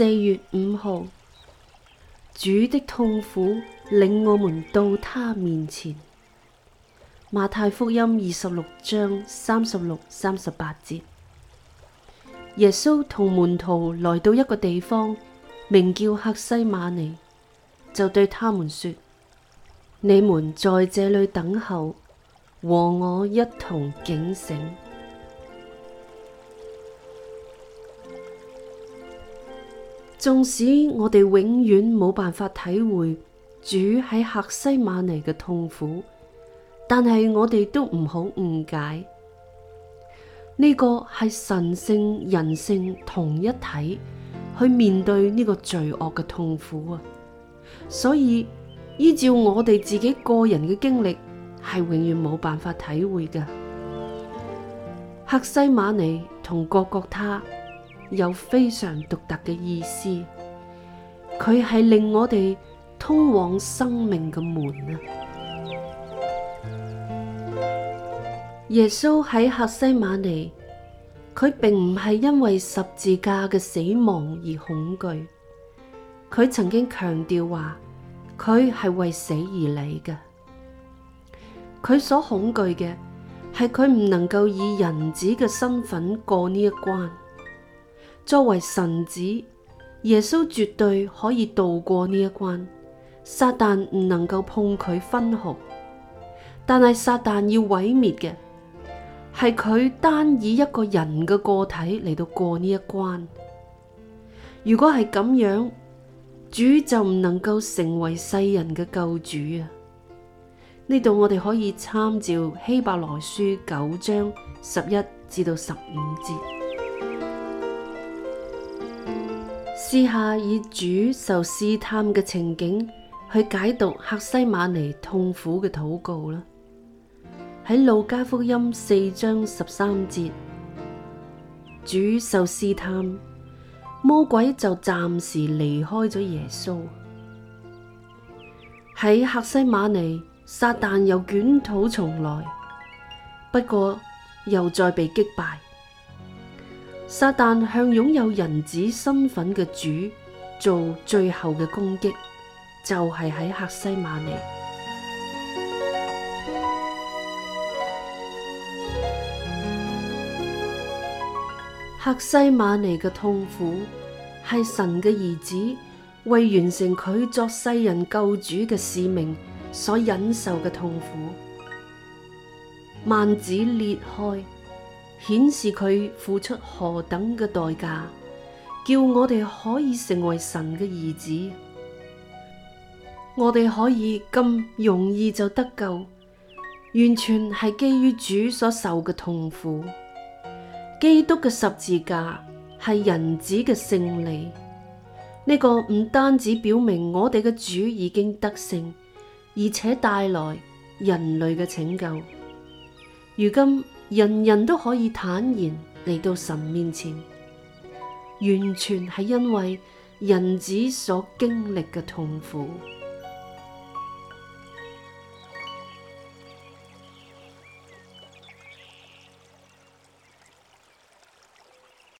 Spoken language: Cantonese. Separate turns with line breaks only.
四月五號，主的痛苦領我們到他面前。馬太福音二十六章三十六、三十八節，耶穌同門徒來到一個地方，名叫客西馬尼，就對他們說：你們在這裏等候，和我一同警醒。縱使我哋永遠冇辦法體會主喺客西馬尼嘅痛苦，但係我哋都唔好誤解呢、這個係神性、人性同一體去面對呢個罪惡嘅痛苦啊！所以依照我哋自己個人嘅經歷，係永遠冇辦法體會嘅。客西馬尼同各各他，有非常獨特嘅意思，佢係令我哋通往生命嘅門啊！耶穌喺客西馬尼，佢並唔係因為十字架嘅死亡而恐懼。佢曾經強調話，佢係為死而嚟嘅。佢所恐懼嘅係佢唔能夠以人子嘅身份過呢一關。作為神子，耶穌絕對可以渡過呢一關，撒旦唔能夠碰佢分毫。但係撒旦要毀滅嘅係佢單以一個人嘅個體嚟到過呢一關。如果係咁樣，主就唔能夠成為世人嘅救主啊！呢度我哋可以參照希伯來書九章十一至到十五節。試下以主受試探嘅情景去解讀客西馬尼痛苦嘅禱告啦。喺路加福音四章十三節，主受試探，魔鬼就暫時離開咗耶穌。喺客西馬尼，撒旦又捲土重來，不過又再被擊敗。撒旦向擁有人子身份嘅主做最後嘅攻擊，就係、是、喺赫西馬尼。赫西馬尼嘅痛苦係神嘅兒子為完成佢作世人救主嘅使命所忍受嘅痛苦，萬子裂開。顯示佢付出何等嘅代價，叫我哋可以成為神嘅兒子，我哋可以咁容易就得救，完全係基於主所受嘅痛苦。基督嘅十字架係人子嘅勝利，呢個唔單止表明我哋嘅主已經得勝，而且帶來人類嘅拯救。如今。人人都可以坦然嚟到神面前，完全係因為人子所經歷嘅痛苦。